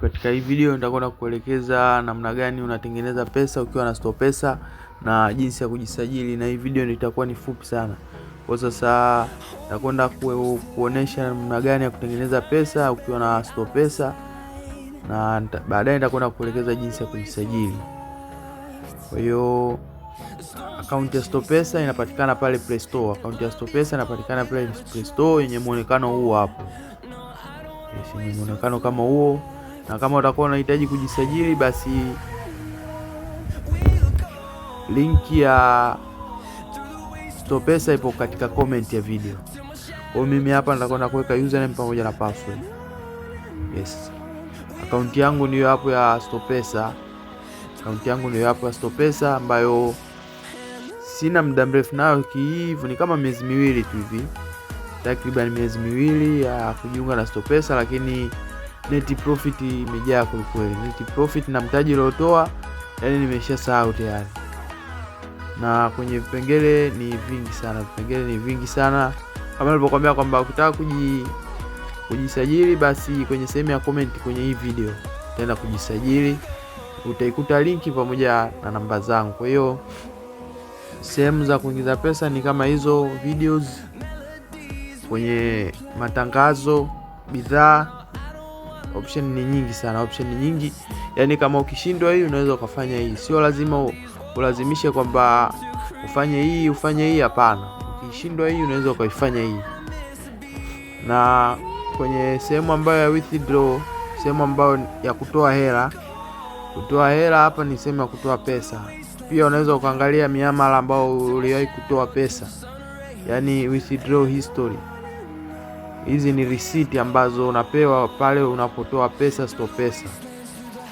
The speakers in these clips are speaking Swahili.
Katika hii video nitakwenda kuelekeza namna gani unatengeneza pesa ukiwa na store pesa na jinsi ya kujisajili, na hii video nitakuwa ni fupi sana. Kwa sasa nitakwenda kuonesha namna gani ya kutengeneza pesa ukiwa na store pesa na baadaye nitakwenda kuelekeza jinsi ya kujisajili. Kwa hiyo akaunti ya store pesa inapatikana pale Play Store. Akaunti ya store pesa inapatikana pale Play Store yenye muonekano huu hapo, yenye muonekano kama huo na kama utakuwa unahitaji kujisajili, basi linki ya Stopesa ipo katika comment ya video. Kwa mimi hapa nitakwenda kuweka username pamoja na password. Yes, akaunti yangu ni hapo ya Stopesa, akaunti yangu ni hapo ya Stopesa ambayo sina muda mrefu nayo kihivu, ni kama miezi miwili tu hivi, takriban miezi miwili ya kujiunga na Stopesa, lakini net profit imejaa kwelikweli. Net profit na mtaji uliotoa yani nimesha sahau tayari, na kwenye vipengele ni vingi sana, vipengele ni vingi sana kama nilivyokuambia kwamba ukitaka kuji kujisajili basi kwenye sehemu ya comment kwenye hii video utaenda kujisajili, utaikuta linki pamoja na namba zangu. Kwa hiyo sehemu za kuingiza pesa ni kama hizo videos, kwenye matangazo, bidhaa option ni nyingi sana, option ni nyingi. Yani kama ukishindwa hii unaweza ukafanya hii, sio lazima ulazimishe kwamba ufanye hii ufanye hii, hapana. Ukishindwa hii unaweza ukaifanya hii. Na kwenye sehemu ambayo ya withdraw, sehemu ambayo ya kutoa hela, kutoa hela hapa ni sehemu ya kutoa pesa. Pia unaweza ukaangalia miamala ambao uliwahi kutoa pesa, yani withdraw history. Hizi ni risiti ambazo unapewa pale unapotoa pesa pesa.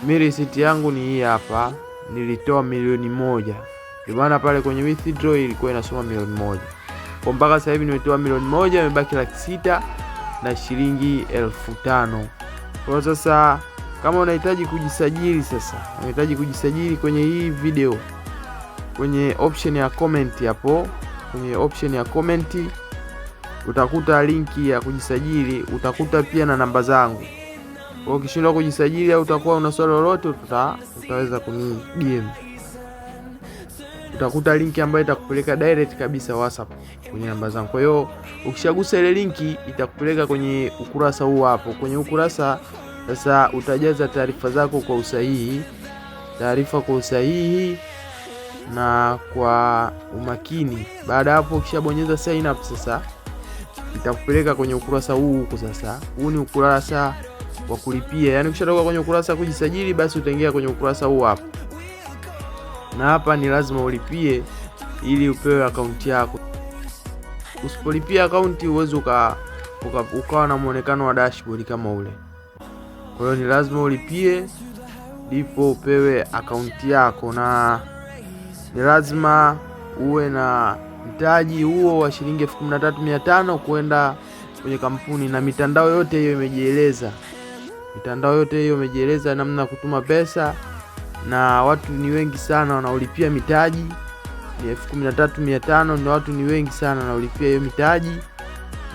Mi risiti yangu ni hii hapa, nilitoa milioni moja ndio maana pale kwenye withdraw ilikuwa inasoma milioni moja kwa mpaka sasa hivi nimetoa milioni moja, imebaki laki sita na shilingi elfu tano kwa sasa. Kama unahitaji kujisajili sasa, unahitaji kujisajili kwenye hii video, kwenye option ya comment hapo, kwenye option ya comment utakuta linki ya kujisajili, utakuta pia na namba zangu. Kwa ukishindwa kujisajili au utakuwa una swali lolote, uta, utaweza kuni DM. Utakuta linki ambayo itakupeleka direct kabisa WhatsApp kwenye namba zangu. Kwa hiyo ukishagusa ile linki itakupeleka kwenye ukurasa huu hapo. Kwenye ukurasa sasa utajaza taarifa zako kwa usahihi, taarifa kwa usahihi na kwa umakini. Baada hapo, ukishabonyeza sign up sasa itakupeleka kwenye ukurasa huu huku. Sasa huu ni ukurasa wa kulipia, yaani ukishatoka kwenye ukurasa kujisajili, basi utaingia kwenye ukurasa huu hapa, na hapa ni lazima ulipie ili upewe akaunti yako. Usipolipia akaunti huwezi uka, uka, ukawa na mwonekano wa dashboard kama ule. Kwa hiyo ni lazima ulipie ndipo upewe akaunti yako, na ni lazima uwe na mtaji huo wa shilingi elfu kumi na tatu mia tano kwenda kwenye kampuni, na mitandao yote hiyo imejieleza. Mitandao yote hiyo imejieleza namna ya kutuma pesa, na watu ni wengi sana wanaolipia mitaji ni elfu kumi na tatu mia tano ni watu ni wengi sana wanaolipia hiyo mitaji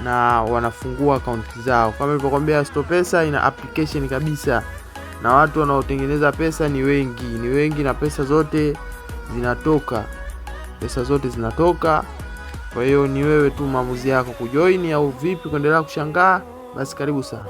na wanafungua akaunti zao. Kama nilivyokuambia, StorePesa ina application kabisa, na watu wanaotengeneza pesa ni wengi, ni wengi, na pesa zote zinatoka pesa zote zinatoka. Kwa hiyo ni wewe tu maamuzi yako kujoin au vipi, kuendelea kushangaa. Basi karibu sana.